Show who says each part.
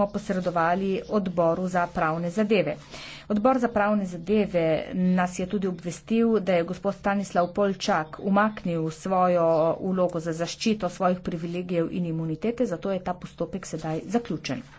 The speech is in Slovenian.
Speaker 1: smo posredovali odboru za pravne zadeve. Odbor za pravne zadeve nas je tudi obvestil, da je gospod Stanislav Polčak umaknil svojo vlogo za zaščito svojih privilegijev in imunitete, zato je ta postopek sedaj zaključen.